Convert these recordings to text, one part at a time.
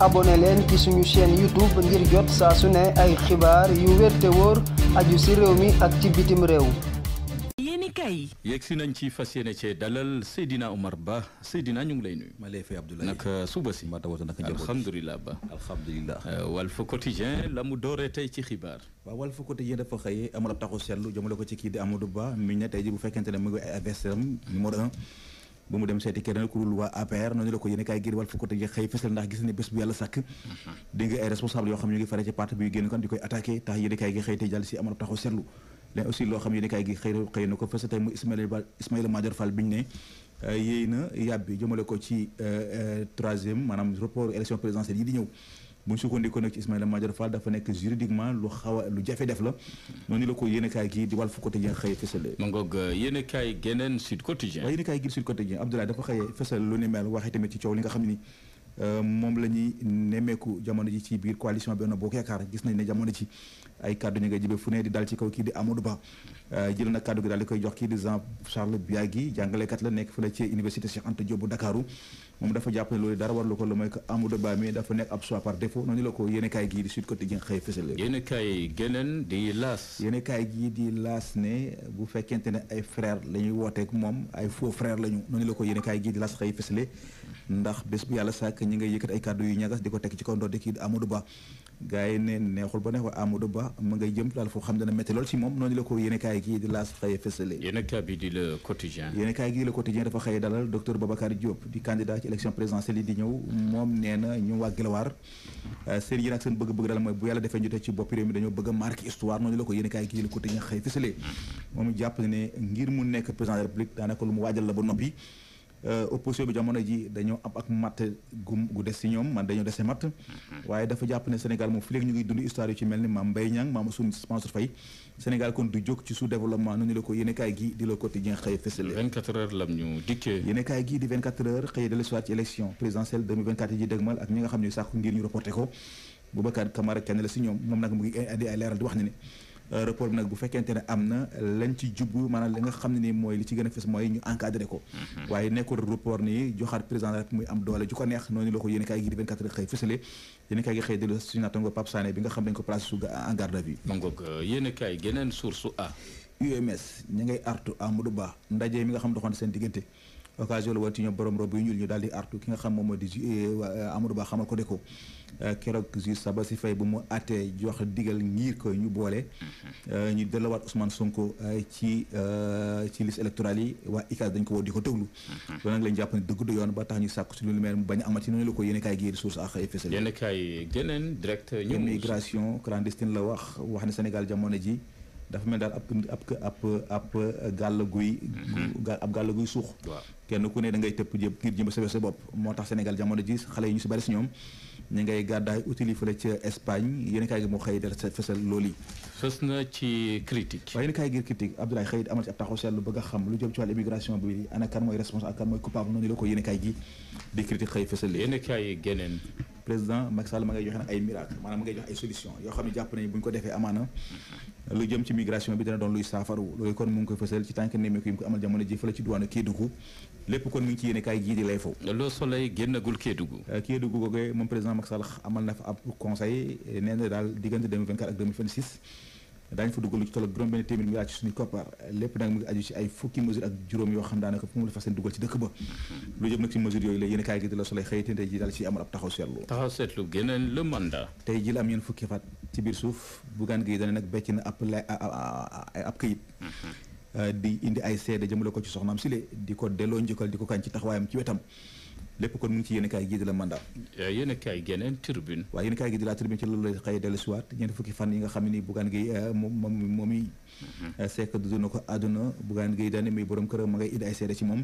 abonné leen ci suñu chaîne YouTube ngir jot saa su ne ay xibaar yu wér te wóor aju ci réew mi ak ci bitim réew. yegg si nañ ci fas yéene cee dalal Seydina Omar Ba Seydina ñu ngi lay nuyu. ma lay fay Abdoulaye naka suba si. ma tawata naka njaboot alhamdulilah Ba. alhamdulilah. Euh, Walf Quotidien la mu dooree tey ci xibaar. waaw Walf Quotidien dafa xëyee amul ab taxu seetlu jëmale ko ci kii di Amadou Ba mi ne tey ji bu fekkente ne mu ngi ay investisseurs numéro un. ba mu dem seeti keneen ku dul waa APR noonu la ko yéen kaay gir wàl fu ko tëjee xëy fësal ndax gis ne bés bu yàlla sàkk mm-hmm. dégg ay responsable yoo xam ne ngi fare ci parti bi yu génn kan di koy attaqué tax yéen kaay gi xëy tey jàll si amal taxaw seetlu léegi aussi loo xam yéen kaay gi xëy xëy ko fësal tey mu Ismaïla Ismaïla Madior Fall ne euh, yéy na yàbbi jëmale ko ci euh, euh, troisième maanaam report élection présidentielle yi di ñëw bu ñu sukkandikoo nag ci Ismaïla Madior Fall dafa nekk juridiquement lu xaw a lu jafe def la noonu la ko yéenekaay gi di Walf Quotidien xëye fësale ma ngoog euh, yéenekaay geneen Sud Quotidien waaw yéenekaay gi Sud Quotidien Abdoulaye dafa xëye fësal lu ni mel waxee tamit ci coow li nga xam ni Euh, moom la ñuy nemmeeku jamono ji ci biir coalition Benno Bokk Yaakaar gis nañ ne jamono ji ay kàddu ñu nga jibe fu ne di dal ci kaw kii di Amadou Ba euh, jël na kàddu gi daal di koy jox kii di Jean Charles Biagui jàngalekat la nekk fële ci université Cheikh la ko yéenekaay di Sud Quotidien xëy fësal yéenekaay ne bu fekkente la ñuy wooteek moom ay faux frère la ñu la ko yéenekaay gii di ñi ngay yëkkat ay kàddu yu ñagas di ko teg ci kaw di kii Amadou Ba gars yi ne neexul ba neex wa Amadou Ba mu ngay jëm daal xam dana métti moom a euh, marqué histoire noonu la ko yéen kaay gi di le quotidien xëye fësale hmm. moom jàpp ne ngir mu nekk président de la république daanaka lu mu waajal la ba noppi Euh, opposition bi jamono ji dañoo am ak matt gu des si ñoom man dañoo dese matt mm-hmm. waaye dafa jàpp ne Sénégal moom fi léegi ñu ngi dund histoire yu ci mel ni Mame Mbaye Niang Mame Mansour Faye Sénégal kon du jóg ci sous développement nu ñu la ko yéenekaay gi di la quotidien xëy fësale 24 heures lam ñu dikkee yéenekaay gi di 24 soit ci élection présidentielle 2024 yi ji dëgmal ak ñi nga xam ne sàkku ngir ñu reporté ko Boubacar Camara kenn la si ñoom moom nag mu ngi indi ay leeral di wax ne ne Euh, report bi nag bu fekkente ne am na lañ ci jubbu maanaam li nga xam ne ni mooy li ci gën a fës mooy ñu encadré ko mm-hmm. waaye nekkul report nii joxaat président rek muy am doole ju ko neex noonu la ko yéen kaay gi di 24 heures xëy fësale yéen kaay gi xëy dellu suñu naataango Pape Sané bi nga xam dañ ko placé su en garde à vue euh, yéen kaay geneen source a UMS ñi ngay artu Amadou Ba ndaje mi nga xam doxoon seen diggante occasion la woon ci ñoom borom rob yu ñuul ñu daal di artu ki nga xam moom moo di eh, eh, Amadou Ba xamal ko de ko eh, keroog ju saba si fay bu mu àttee jox digal ngir ko ñu boole mhm. ñu delluwaat Ousmane Sonko ci ci liste électorale yi waa ICAS dañ ko woo di ko déglu mhm. loolu nag lañ jàpp ne dëgg du yoon ba tax ñu sàkk si lu mel bañ a amat ci noonu la ko yéen kaay gi source ak fësal yéen kaay geneen direct immigration clandestine la wax wax ne Sénégal jamono ji dafa mel daal ab ab ab gàll guy. Mhm. ab gàll guy suux. kenn ku ne da ngay tëpp jëm ngir jëm sa sa bopp moo tax Sénégal jamono ji xale yi ñu si bari si ñoom ñu ngay gàddaay utili fële ca Espagne yéen kaay gi moo xëy dal sa fësal loolu yi. fës na ci critique. waaye yéen kaay gi a lu jëm ci wàllu immigration bi ana kan mooy responsable di critique xëy fësal. yéen kaay yi geneen président Macky Sall ma ngay joxe nag ay miracle maanaam ma ngay jox ay solution yoo xam ne jàpp nañu bu ko defee amaana lu jëm ci migration bi dina doon luy saafaru loolu kon mu ngi koy fësal ci tànk nemmeeku yi mu ko amal jamono ji fële ci duwaanu Kédougou lépp kon mu ngi ci yéene kaay gii di lay faw Le Soleil génnagul Kédougou euh, Kédougou googee moom président Macky amal na fa ab conseil nee daal diggante 2024 ak 2026 daañu fa dugal lu ci toll ak juróom benn téeméer milliards ci suñu koppar lépp nag mu ngi aju ci ay fukki mesure ak juróom yoo xam daanaka moom la fas yéene dugal ci dëkk ba lu jëm nag ci mesure yooyu la yéen kaay gi la Soleil xëyitante tey ji daal ci amal ab taxaw seetlu taxaw seetlu le mandat tey ji la am ñeen fukki fat ci biir suuf buggaan gi dane nag becc na ab la ab këyit mhm. di indi ay seede jëmale ko ci soxnaam si le di ko delloo njëkkal di ko kañ ci taxawaayam ci wetam lépp kon mu ngi ci yéen kaay gii di la mandat eh, yéen kaay geneen tribune waaw yéen kaay gii di la tribune ci la xëy dellu si waat ñeent fukki xam ne eh, mhm. eh, na ko àdduna Bougane Gueye daane muy borom kër ma ngay indi ay seede ci moom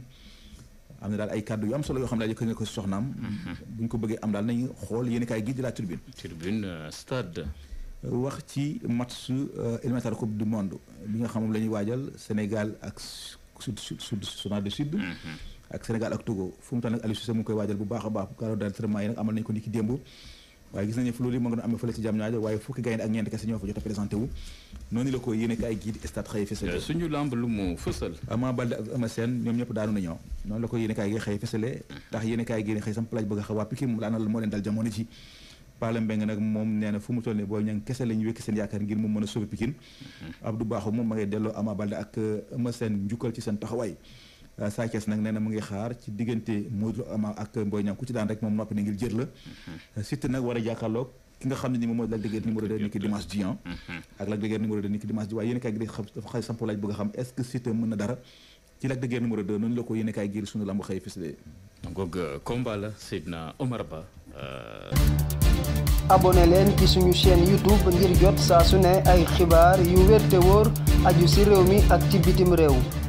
am na daal ay kàddu yu am solo yoo xam ne daal yëkkati na ko soxnaam mhm. bu ñu ko bëggee am daal nañu xool yéen kaay gii di la tribune tribune euh, stade wax ci match euh, éliminatoire coupe du monde bi nga xam moom la ñuy waajal Sénégal ak sud sud sud Soudan du Sud mhm. ak Sénégal ak Togo fu mu tax nag mu koy waajal bu baax a baax carreau d'entraînement yi nag amal nañu ak a présenté wu noonu la ko yéene kaay euh, Ama Baldé la ko yéene kaay gi xëy a xaw waa Pikine moom laa na la moo leen dal jamono ji Pala Mbeng nag a sauver Pikine mm-hmm. Abdou Bakhoum moom njukkal ci seen taxawaay Euh, Sa Thiès nag nee na mu ngi xaar ci diggante Modou Ama ak Mboy Niang ku ci daan rek moom noppi na ngir jër la mhm. Siteu nag war a jàkkaarloog ki nga xam ne ni moom mooy de Guiers numéro 2 ni mhm. ak Lac de Guiers numéro 2 ni waaye yéen kay gi dafa xay samp laaj bëgg a xam est-ce que Siteu mën na dara ci Lac de Guiers numéro 2 noonu la ko yéen kay giir sunu lamb xëy fësale donc euh, Ba euh, abonné leen ci suñu chaîne YouTube ngir jot saa su ne ay xibaar yu wér te wóor aju ci